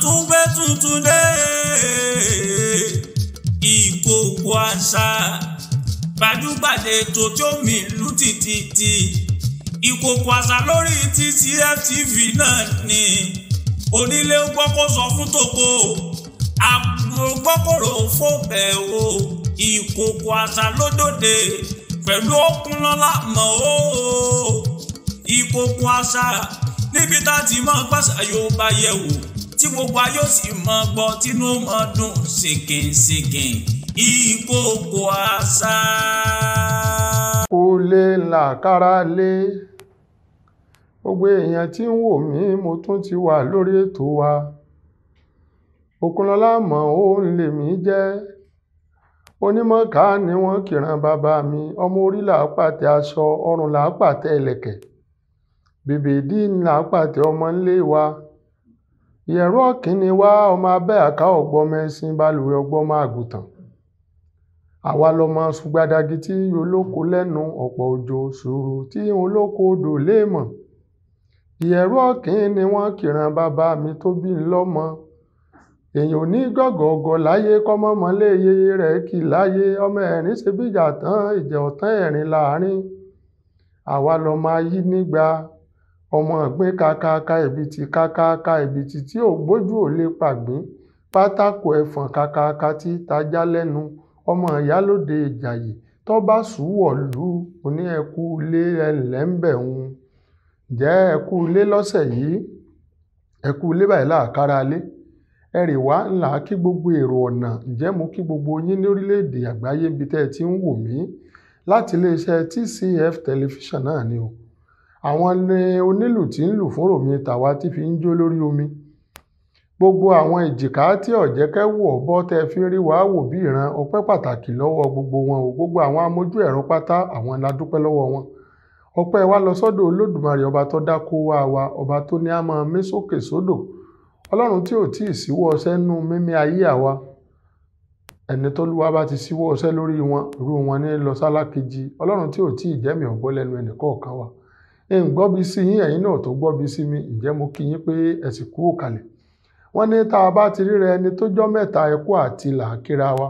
tún gbé tuntun dé ìkòkò àṣà gbajúgbàdé ètò tí ó mì lù tìtìtì ìkòkò àṣà lórí TCF TV náà ni onílé gbọ́kọ̀ sọ fún tòkó agbọ́kọ̀rọ̀ fòbẹ̀ o ìkòkò àṣà lódòde pẹ̀lú Òkúnlọ́lá mọ̀ o ìkòkò àṣà níbi tá a ti máa gbàṣà Yorùbá yẹ̀ wò tí gbogbo ayé sì mọ gbọ́ tínú mọ dùn ṣègìnṣègìn ìkókò àṣà. kò lè làkàrà lé gbogbo èèyàn tí ń wò mí mo tún ti wà lórí ètò wa Òkúnlọ́lá mọ̀ ó ń lè mí jẹ́ onímọ̀ọ́ká ni wọ́n kìran bàbá mi ọmọ orí làá pàtẹ aṣọ ọrùn làá ẹlẹ̀kẹ̀ bèbèdí làá ọmọ ńlé wa ìyẹ̀rú ọ̀kín ni wá ọmọ abẹ́ àká ọ̀gbọ́mọ ẹṣin balùwẹ̀ ọgbọ́mọ àgùntàn àwa lọmọ sùgbàdàgì tí olóko lẹ́nu ọ̀pọ̀ òjò sùúrù tí olóko odò léèmọ̀ ìyẹ̀rú ọ̀kín ni wọ́n kìran bàbá mi tó bí ń lọ́mọ èèyàn ò ní gọ̀gọ̀gọ̀ láyé kọ́mọ́mọlé yeye rẹ̀ kì láyé ọmọ ẹ̀rín ṣe bíjà tán ìjẹ́ ọ̀tán ẹ̀rín láàrin àwa lọmọ ayé nígbà ọmọ ìpín kàkàkà ẹ̀bìtì kàkàkà ẹ̀bìtì tí ò gbójú ò lè pàgbín pátákó ẹfọ̀n kàkàkà tí tajá lẹ́nu ọmọ ìyálóde ìjàyè tó bá sùúwọ̀lú oní ẹkú ilé ẹ̀lẹ́ ń bẹ̀ ń jẹ́ ẹkú ilé lọ́sẹ̀ yìí ẹkú ilé báyìí láàkára lé ẹ̀rì wá ńlá kí gbogbo èrò ọ̀nà ǹjẹ́ mo kí gbogbo yín ní orílẹ̀-èdè àgbáyé ibi tẹ́ ẹ ti ń wò mí láti iléeṣẹ́ TCF tẹlifíṣàn náà ni o àwọn ni onílù tí ń lù fún ròmí tàwa tí fi ń jó lórí omi gbogbo àwọn èjìká tí ọ̀jẹ̀kẹ́ wọ̀ bọ́ tẹ́ fi ń rí wàá wò bí ìran ọpẹ́ pàtàkì lọ́wọ́ gbogbo wọn ò gbogbo àwọn amójú ẹ̀rọ pátá àwọn la dúpẹ́ lọ́wọ́ wọn ọpẹ́ wa lọ sọ́dọ̀ olódùmarè ọba tó dákó wá wa ọba tó ní àmọ́ mí sódò ọlọ́run tí ò tí ì síwọ́ ọṣẹ́ nú mímí ayé àwa ẹni tó lúwa bá ti síwọ́ ọṣẹ́ lórí wọn irú wọn ní lọ sálákejì ọlọ́run tí ò tí ì jẹ́mi ọ̀gbọ́ lẹ́nu ẹnì kọ̀ọ̀kan wa ń gbọ́bi sí yín ẹ̀yin náà tó gbọ́bi sí mi ǹjẹ́ mo kí yín pé ẹ̀sìn kú òkàlẹ̀ wọ́n ní tá a bá ti ríra ẹni tó jọ́ mẹ́ta ẹkú àti là á wa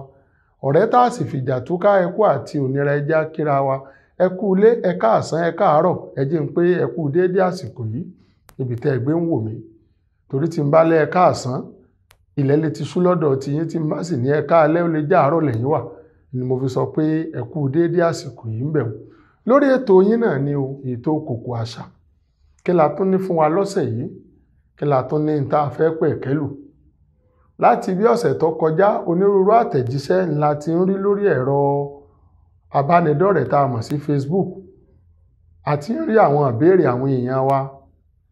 ọ̀rẹ́ tá a sì fìjà túká ẹkú àti ònira ẹja kíra wa ẹkú ilé ẹka àsán ẹka àárọ̀ ẹjẹ́ ń pé ẹkú déédéé àsìkò yìí ibi tẹ́ ń wò mí torí ti sú lọ́dọ̀ yín ń lórí ètò yín náà ni o ètò kòkò àṣà kí la tún ní fún wa lọ́sẹ̀ yìí kí la tún ní tá a fẹ́ pẹ̀ láti bí ọ̀sẹ̀ tó kọjá onírúurú àtẹ̀jíṣẹ́ ńlá ti ń rí lórí ẹ̀rọ abánidọ́rẹ̀ẹ́ tá a mọ̀ sí Facebook àti ń rí àwọn àbéèrè àwọn èèyàn wa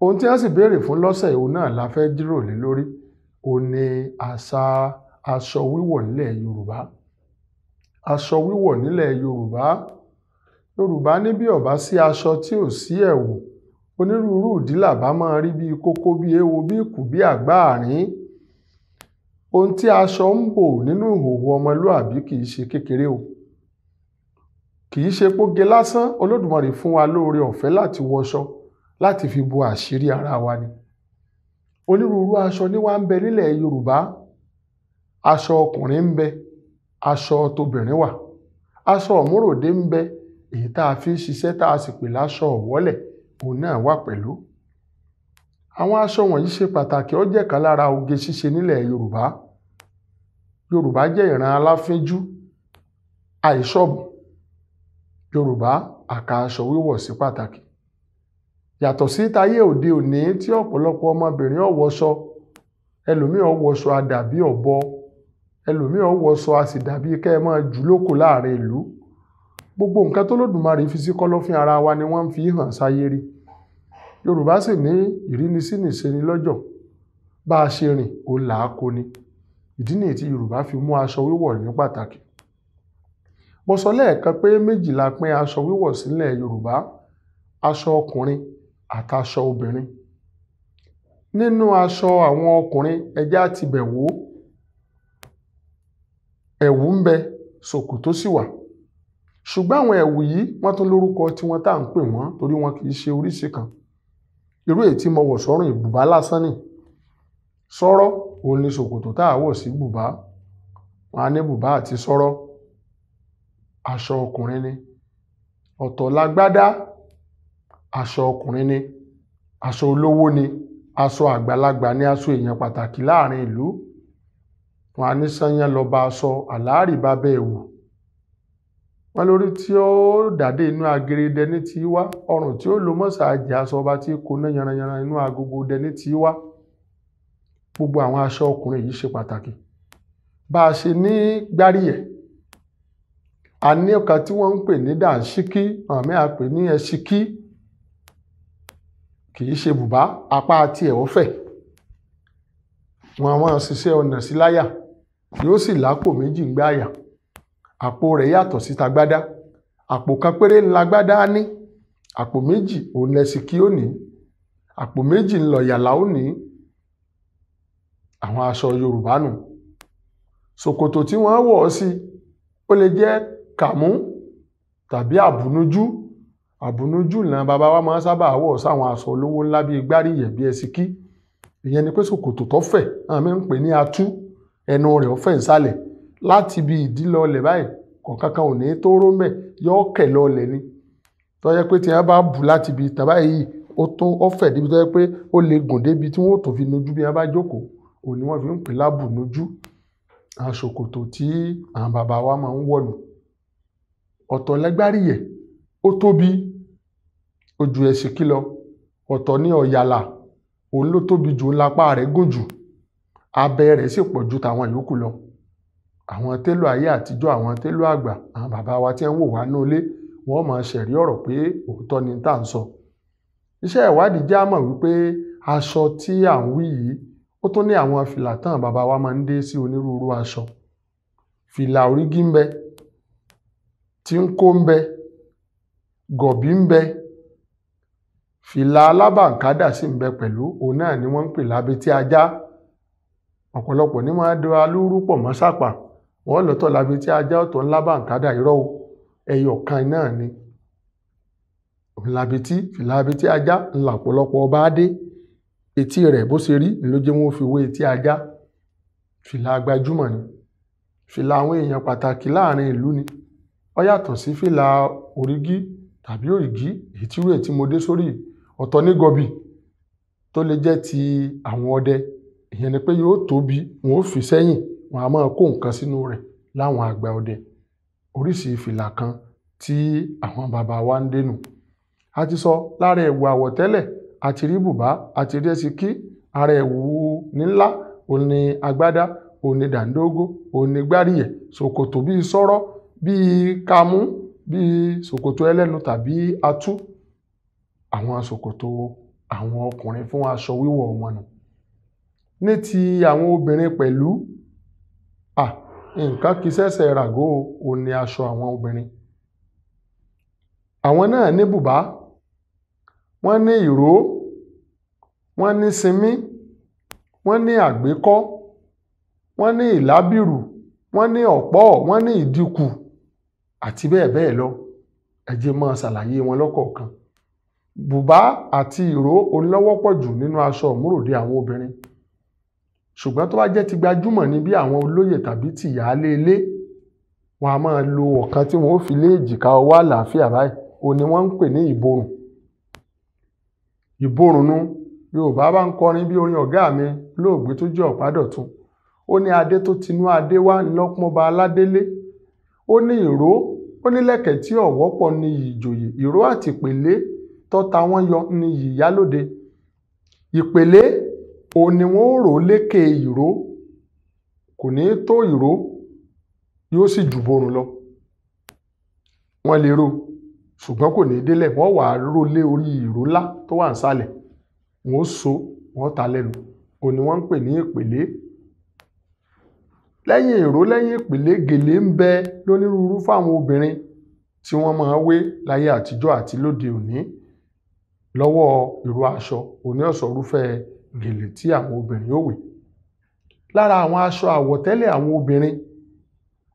ohun tí wọ́n sì béèrè fún lọ́sẹ̀ òun náà la fẹ́ jíròrò lé lórí ó ní àṣà aṣọ wíwọ̀ nílẹ̀ Yorùbá aṣọ wíwọ̀ nílẹ̀ Yorùbá yorùbá ní bí ó bá sí aṣọ tí ò sí ẹ̀wù onírúurú ìdí là bá máa rí bíi kókó bíi éwo bíi ìkù bíi àgbáàrín ohun tí aṣọ ń bò nínú ìhòòhò ọmọlúàbí kì í ṣe kékeré o kì í ṣe póge lásán olódùmarè fún wa lóore ọ̀fẹ́ láti wọṣọ láti fi bo àṣírí ara wa ni onírúurú aṣọ ni wá ń bẹ nílẹ̀ yorùbá aṣọ ọkùnrin ń bẹ aṣọ tóbìnrin wà aṣọ ọ̀múròde ń bẹ èyí tá a fi ń ṣiṣẹ́ tá a sì pè láṣọ ọ̀wọ́lẹ̀ òun náà wà pẹ̀lú. àwọn aṣọ wọ̀nyí ṣe pàtàkì ó jẹ́ kan lára oge ṣíṣe nílẹ̀ yorùbá yorùbá jẹ́ ìran aláfínjú àìṣọ̀bù yorùbá àka aṣọ wíwọ̀ sí pàtàkì yàtọ̀ sí tayé òde òní tí ọ̀pọ̀lọpọ̀ ọmọbìnrin ọ̀wọ́ṣọ ẹlòmíì ọ̀wọ́ṣọ adàbí ọ̀bọ ẹlòmíì ọ̀wọ́ṣọ a sì dàbí kẹ́ ẹ máa jù lóko láàrin ìlú gbogbo nǹkan tó lódùmarè fi sí kọ́lọ́fín ara wa ni wọ́n ń fi hàn sáyé rí yorùbá sì ní ìrínisínìṣeni lọ́jọ́ bá a ṣe rìn ó là á kó ni ìdí nìyí tí yorùbá fi mú aṣọ wíwọ̀ ní pàtàkì mo sọ lẹ́ẹ̀kan pé méjì la pín aṣọ wíwọ̀ sílẹ̀ yorùbá aṣọ ọkùnrin àtàṣọ obìnrin nínú aṣọ àwọn ọkùnrin ẹja ti bẹ̀ wò ń bẹ ṣòkòtò sì wà ṣùgbọ́n àwọn ẹ̀wù yìí wọ́n tún lórúkọ tiwọn tá à ń pè wọ́n torí wọn kì í ṣe oríṣi kan irú èyí tí mo wọ̀ sọ́rùn ìbùbá lásán ni sọ́rọ́ òun ni ṣòkòtò tá à wọ̀ sí bùbá wọn á ní bùbá àti sọ́rọ́ aṣọ ọkùnrin ni ọ̀tọ̀ lágbádá aṣọ ọkùnrin ni aṣọ olówó ni aṣọ àgbàlagbà ni aṣọ èèyàn pàtàkì láàrin ìlú wọn á ní sanyẹn lọ aṣọ àlàárì bá wọ́n lórí tí ó dàdé inú agere ní ti wá ọrùn tí ó lo mọ́ṣáájì aṣọ ọba tí kò ná yanranyanra inú agogo ní ti wá gbogbo àwọn aṣọ ọkùnrin yìí ṣe pàtàkì bá a ṣe ní gbáríyẹ̀ a ní ọ̀kan tí wọ́n ń pè ní dànsíkí àmì àpè ní ẹsíkí kì í ṣe bùbá apá àti ẹ̀wọ́fẹ̀ wọn àwọn ṣiṣẹ́ ọ̀nà sí yóò sì lápò méjì ń gbáyà àpò rẹ̀ yàtọ̀ sí tagbádá àpò kan péré ńlágbádá á ní àpò méjì òun lẹsìkí ó ní àpò méjì ńlọ̀yàlà ó ní àwọn aṣọ Yorùbá nù ṣòkòtò tí wọ́n wọ̀ ọ́ sí ó lè jẹ́ kàmú tàbí àbùnújú àbùnújù náà bàbá wa máa ń sábà wọ̀ sáwọn aṣọ olówó ńlá bíi gbáríyẹ̀ bíi ẹsikí ìyẹn ni pé ṣòkòtò tó fẹ̀ àwọn mi ń pè ní atú ẹnu rẹ̀ ó fẹ̀ láti ibi ìdí lọlẹ̀ báyìí kọ̀ọ̀kan kan ò ní tó ró mbẹ̀ yóò kẹ̀ lọlẹ̀ ni tó yẹ pé tí wọ́n bá bù láti ibi ìtàn báyìí ó tó ọ̀fẹ́ débi tó yẹ pé ó lè gùn débi tí wọ́n ò tó fi nojú bí wọ́n bá jókòó òní wọ́n fi ń pè lábù nojú àṣòkòtò tí àwọn bàbá wa máa ń wọ̀nù ọ̀tọ̀ lẹ́gbárí yẹ̀ ó tóbi ojú ẹ̀sìn kìlọ̀ ọ̀tọ̀ ní ọ̀yàlà òun ló tóbi jù lápá rẹ̀ gùn jù abẹ́ rẹ̀ sì pọ̀ ju tàwọn yòókù lọ àwọn télọ̀ ayé àtijọ́ àwọn télọ̀ àgbà àwọn bàbá wa tí ń wò wá ní ilé wọ́n máa ṣẹ̀rí ọ̀rọ̀ pé òótọ́ ni tá à ń sọ. iṣẹ́ ìwádìí já mọ̀ wípé aṣọ tí à ń wí yìí ó tún ní àwọn fìlà tán bàbá wa máa ń dé sí onírúurú aṣọ fìlà orígí ń bẹ tí ń kó ń bẹ gọ̀bí ń bẹ fìlà alábàǹkádà sì ń bẹ pẹ̀lú òun náà ni wọ́n ń pè lábẹ́ tí ajá ọ̀pọ̀lọpọ̀ ni wọ́n á do alúrú pọ̀ mọ́ sápà wọ́n lọ́tọ̀ lágbe tí ajá ọ̀tọ̀ ńlá bàǹkádà irọ́ kan náà ni òǹlàbìtì fìlàbìtì ajá ńlá ọ̀pọ̀lọpọ̀ ọba adé etí rẹ̀ bó ṣe rí ló jẹ́ wọ́n fi wé etí ajá fìlà gbajúmọ̀ ni fìlà àwọn èèyàn pàtàkì láàrin ìlú ni ó yàtọ̀ sí fìlà òrígí tàbí òrígí ìtìwé tí mo dé sórí ọ̀tọ̀ ní gọbì tó lè jẹ́ ti àwọn ọdẹ ìyẹn ni pé yóò tóbi wọn ó fi sẹ́yìn wọn a máa kó nǹkan sínú rẹ̀ láwọn àgbà ọdẹ oríṣi fìlà kan tí àwọn bàbá wa ń dénú a ti sọ lára ẹ̀wù àwọ̀tẹ́lẹ̀ àti rí bùbá àti rí ẹsikí ara ẹ̀wù nílá òní agbádá òní dàńdógó òní gbáríyẹ̀ ṣòkòtò bíi sọ́rọ́ bíi kamú bíi ṣòkòtò ẹlẹ́nu tàbí atú àwọn ṣòkòtò àwọn ọkùnrin fún aṣọ wíwọ̀ wọn nù ní ti àwọn obìnrin pẹ̀lú Ah, nǹkan kì í ṣẹ̀ṣẹ̀ ràgó o ní aṣọ àwọn obìnrin àwọn náà ní bùbá wọ́n ní ìró wọ́n ní sinmi wọ́n ní àgbékọ́ wọ́n ní ìlábìrù wọ́n ní ọ̀pọ̀ wọ́n ní ìdínkù àti bẹ́ẹ̀ bẹ́ẹ̀ lọ ẹ máa ṣàlàyé wọn lọ́kọ̀ọ̀kan bùbá àti ìró onílọ́wọ́pọ̀ jù nínú aṣọ òmúròde àwọn obìnrin ṣùgbọ́n tó bá jẹ́ ti gbajúmọ̀ ní bí àwọn olóyè tàbí tìyáálé ilé wọn a máa lo ọ̀kan tí wọn ó fi lé èjìká ọwọ́ àlàáfíà báyìí òun ni wọ́n ń pè ní ìborùn ìborùn nu Yorùbá bá ń kọrin bí orin ọ̀gá mi lóògbé tó jẹ́ ọ̀pádọ̀tun ó ní adé tó tinú adé wá lọ́pọ̀nba aládélé ó ní ìró ó ní lẹ́kẹ̀ tí ọ̀wọ́ pọ̀ ní ìjòyè ìró àti ìpèlé tọ́ta wọn yọ ní ìyálòde ìpèlé òun ni wọ́n ó rò lékè ìró kò ní tó ìró yóò sì jù borun lọ wọ́n lè ro ṣùgbọ́n kò ní délẹ̀ wọ́n wàá ró lé orí ìró ńlá tó wà nísàlẹ̀ wọ́n so wọ́n ta lẹ́nu òun ni wọ́n ń pè ní ìpèlé lẹ́yìn ìró lẹ́yìn ìpèlé gèlè ń bẹ lónírúurú fáwọn obìnrin tí wọ́n máa wé láyé àtijọ́ àti lóde òní lọ́wọ́ ìró aṣọ òní ọ̀sọ̀ rúfẹ́ gèlè tí àwọn obìnrin ó wè lára àwọn aṣọ àwọ̀tẹ́lẹ̀ àwọn obìnrin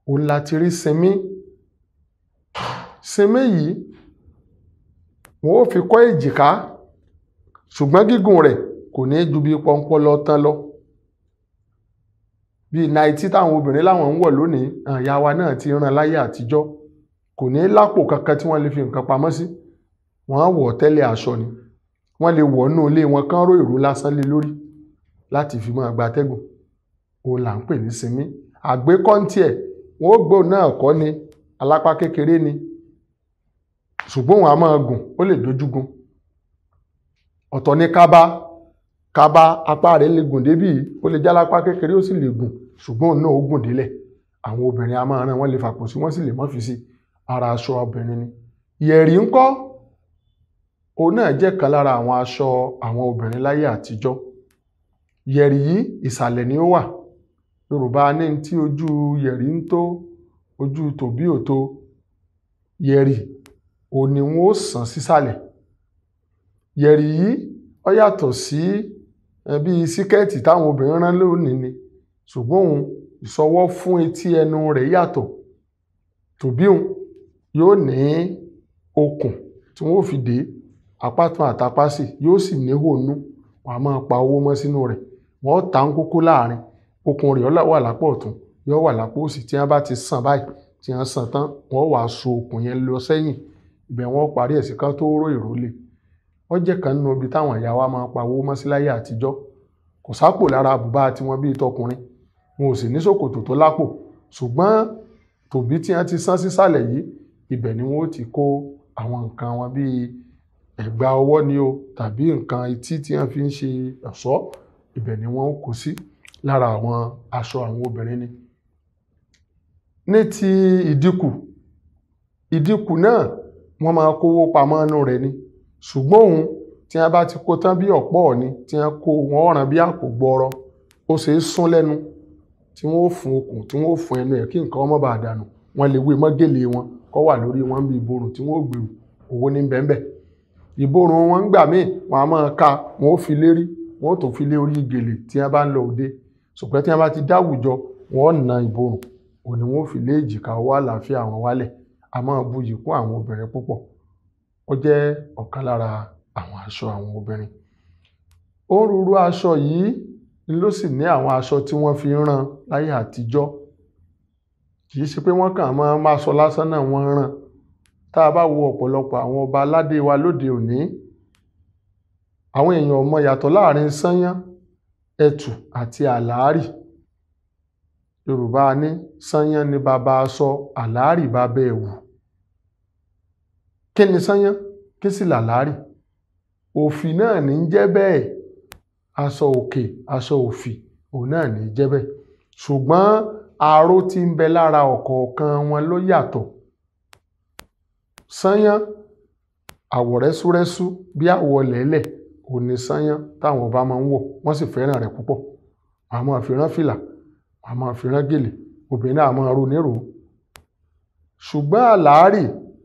òun la ti rí sinmi sinmi yìí wọn ó fi kọ́ èjìká ṣùgbọ́n gígùn rẹ̀ kò ní ju bí pọ́npọ́n lọ tán lọ bíi náìtì táwọn obìnrin láwọn ń wọ̀ lónìí àyà wa náà ti ràn láyé àtijọ́ kò ní lápò kankan tí wọ́n lè fi nǹkan pamọ́ sí wọ́n á wọ̀ tẹ́lẹ̀ aṣọ ni wọ́n lè wọnú ilé wọn kán ró ìró lásán lé lórí láti fi máa gba atẹ́gùn òun là ń pè ní sinmi àgbékọ́ntì ẹ̀ wọ́n ó gbó náà kọ́ ni alápá kékeré ni ṣùgbọ́n òun á máa gùn ó lè dojúgun ọ̀tọ̀ ní kábá kábá apá rẹ̀ lè gùn débì ó lè jálápá kékeré ó sì lè gùn ṣùgbọ́n òun náà ó gùn délẹ̀ àwọn obìnrin a máa rán wọn lè fàpọ̀ sí wọ́n sì lè mọ́ fi sí ara aṣọ obìnrin ni yẹ̀rì ńkọ́ òun náà jẹ́ kan lára àwọn aṣọ àwọn obìnrin láyé àtijọ́ yẹ̀rì yìí ìsàlẹ̀ ni ó wà yorùbá ní tí ojú yẹ̀rì ń tó ojú tòbí òtó yẹ̀rì òun ni wọn ó sàn sísàlẹ̀ yẹ̀rì yìí ó yàtọ̀ sí bí síkẹ́ẹ̀tì táwọn obìnrin rán lónìí ni ṣùgbọ́n òun ìsọwọ́ fún etí ẹnu rẹ̀ yàtọ̀ tòbí òun yóò ní okùn tí wọ́n ó fi dè apátún àtàpásì yóò sì níhò nú wàá máa pa owó mọ́ sínú rẹ̀ wọ́n ta ń kókó láàrin okùn rẹ̀ wà lápò ọ̀tún yóò wà lápò òsì tí wọ́n bá ti sàn báyìí tí wọ́n sàn tán wọ́n wàá so okùn yẹn lọ sẹ́yìn ibẹ̀ wọ́n parí ẹ̀sìn kan tó ró ìrólé wọ́n jẹ́ kan nínú ibi táwọn ìyá wa máa pa owó mọ́ sí láyé àtijọ́ kò sápò lára àbùbá tiwọn bíi tọkùnrin wọn ò sì ní ṣòkòtò tó lápò ṣùgbọ́n tòbí tí wọ́n ti sán sísàlẹ̀ yìí ibẹ̀ ni wọ́n ti kó àwọn nǹkan wọn bíi ẹ̀gbà ọwọ́ ni o tàbí nǹkan etí tí wọ́n fi ń ṣe ọ̀ṣọ́ ibẹ̀ ni wọ́n kó sí lára àwọn aṣọ àwọn obìnrin ni. ní ti ìdínkù ìdínkù náà wọ́n máa kówó pamọ́ inú rẹ̀ ni ṣùgbọ́n òun tí wọ́n bá ti kó tán bí ọ̀pọ̀ ni tí wọ́n kó wọn ọ̀ràn bí àpò gbọ́rọ̀ ó ṣe é sún lẹ́nu tí wọ́n ó fún okùn tí wọ́n ó fún ẹnu ẹ̀ kí nǹkan ọmọ bá dànù wọ́n lè wé mọ́gèlè wọn kọ́ wà lórí wọn bí ìborùn tí wọ́n ó gbèrú owó ní bẹ́ẹ̀ bẹ́ẹ̀ ìborùn wọn ń gbà míì wọn a máa ka wọn ó fi lérí wọn ó tó fi lé orí gèlè tí wọn bá ń lọ òde ṣùgbọ́n tí wọn bá ti dáwùjọ wọn ò na ìborùn òní wọn ò fi lé èjìká owó àlàáfíà àwọn wálẹ̀ a máa buyì kún àwọn obìnrin púpọ̀ ó jẹ́ ọ̀kan lára àwọn aṣọ àwọn obìnrin òrùrù aṣọ yìí ló sì ní àwọn aṣọ tí wọ́n fi rán láyé àtijọ́ kì í ṣe pé wọ́n kàn máa ń máa sọ lásán náà wọ́n rán tá a bá wo ọ̀pọ̀lọpọ̀ àwọn ọba aládé wa lóde òní àwọn èèyàn ọmọ yàtọ̀ láàrin sányán ẹtù àti àlárì yorùbá ní sányán ni bàbá aṣọ àlárì bàbá ẹ̀wù kí ni sányán kí sì làlárì òfì náà ní jẹ́ bẹ́ẹ̀ aṣọ òkè aṣọ òfì òun náà ní jẹ́ bẹ́ẹ̀ ṣùgbọ́n aró tí ń bẹ lára ọ̀kọ̀ọ̀kan wọn ló yàtọ̀ sányán àwọ̀ rẹ́súrẹ́sú bí àwọ̀ lẹ́lẹ̀ òní sányán táwọn ọba máa ń wọ̀ wọ́n sì fẹ́ràn rẹ̀ púpọ̀ wọ́n á máa fi rán fìlà wọ́n á máa fi rán gèlè obìnrin náà máa ro nírò ṣùgbọ́n àlárì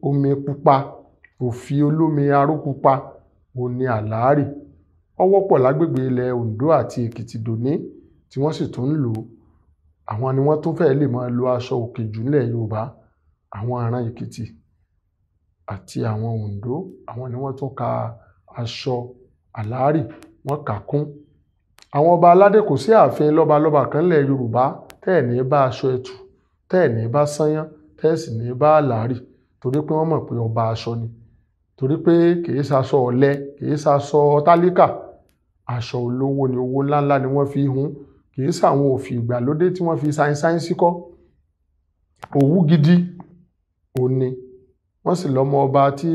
omi pupa òfi olómi aró pupa òní àlárì ó wọ́pọ̀ lágbègbè ilẹ̀ Ondo àti Èkìtì dòní tí wọ́n sì tún ń lò àwọn ni wọ́n tún fẹ́ẹ́ lè máa lo aṣọ òkè jù nílẹ̀ Yorùbá àwọn aràn Èkìtì àti àwọn òǹdó àwọn ni wọ́n tún ka aṣọ àlárì wọ́n kà kún. àwọn ọba aládé kò sí ààfin lọ́balọ́ba kan lẹ̀ yorùbá tẹ́ẹ̀ní bá aṣọ ẹ̀tù tẹ́ẹ̀ní bá sányán tẹ́ẹ̀sì ní bá àlárì torí pé wọ́n mọ̀ pé ọba aṣọ ni torí pé kìí ṣaṣọ ọ̀lẹ kìí ṣaṣọ tálíkà aṣọ olówó ni owó ńláńlá ni wọ́n fi hun kìí ṣàwọn òfì ìgbàlódé tí wọ́n fi sáyẹn sáyẹn síkọ́ òwú gidi òní wọ́n sì lọ́mọ ọba tí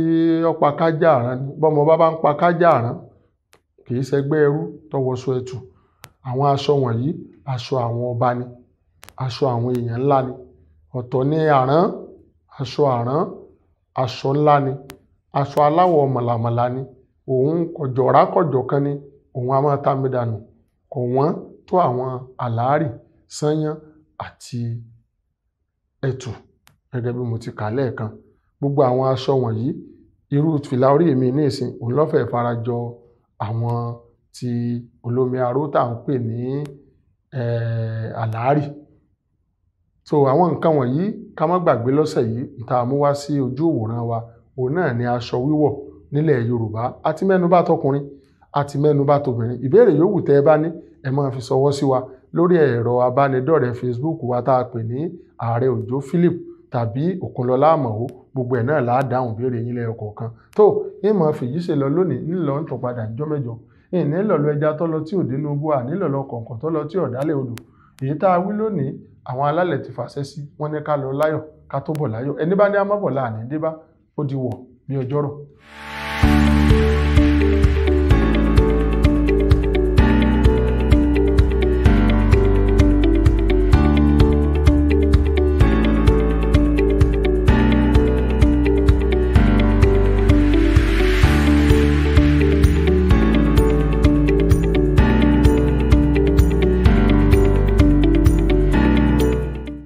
ó pa kájà àrán ni bọ́mọ ọba bá ń pa kájà àrán kì í ṣẹgbẹ́ ẹrú tọwọ́sọ ẹ̀tù àwọn aṣọ wọ̀nyí aṣọ àwọn ọba ni aṣọ àwọn èèyàn ńlá ni ọ̀tọ̀ ni àrán aṣọ àrán aṣọ ńlá ni aṣọ aláwọ̀ mọ̀làmọ̀là ni òun kọjọ̀rá kọjọ̀ kan ni òun a máa kò wọ́n tó àwọn àlárì sányán àti ẹ̀tù gẹ́gẹ́ bí mo ti kà lẹ́ẹ̀kan. Gbogbo àwọn aṣọ wọ̀nyí, irú fìlà orí mi níìsín, òun ló fẹ́ farajọ àwọn ti olómi aró ń pè ní, ẹ́, So àwọn nǹkan wọ̀nyí ká má gbàgbé lọ́sẹ̀ yìí, ìta mú wá sí ojú òwòran wa, òun náà ni aṣọ wíwọ̀ nílẹ̀ Yorùbá. A ti mẹ́nu bà tọkùnrin, a ti mẹ́nu bà tobìnrin. Ìbéèrè yòówù tẹ bá ní, ẹ máa fi ṣọwọ́ sí wa lórí ẹ̀rọ abánidọ́rẹ̀ẹ́ Facebook wa tá a pè ní Ààrẹ Òjó Philip tàbí Òkunlọ́lá Àmọ̀ó gbogbo ẹ̀ náà là á dáhùn béèrè yín lẹ́yọ kọ̀ọ̀kan tó ìmọ̀ fìyí ṣe lọ lónìí ńlọ ń tọ̀ padà níjọ́ mẹ́jọ ìní lọ̀lọ́ ẹja tọ́lọ tí ò dínú ogbó àní lọ̀lọ́ kọ̀ọ̀kan tọ́lọ tí ọ̀dálẹ̀ odò èyí tá a wí lónìí àwọn alálẹ̀ ti fàṣẹ sí wọn ní ká lọ láyọ̀ ká tó bọ̀ láyọ̀ ẹni bá ní amọ́bọ̀ láàní débá ó di wọ̀ ní ọjọ́rọ̀.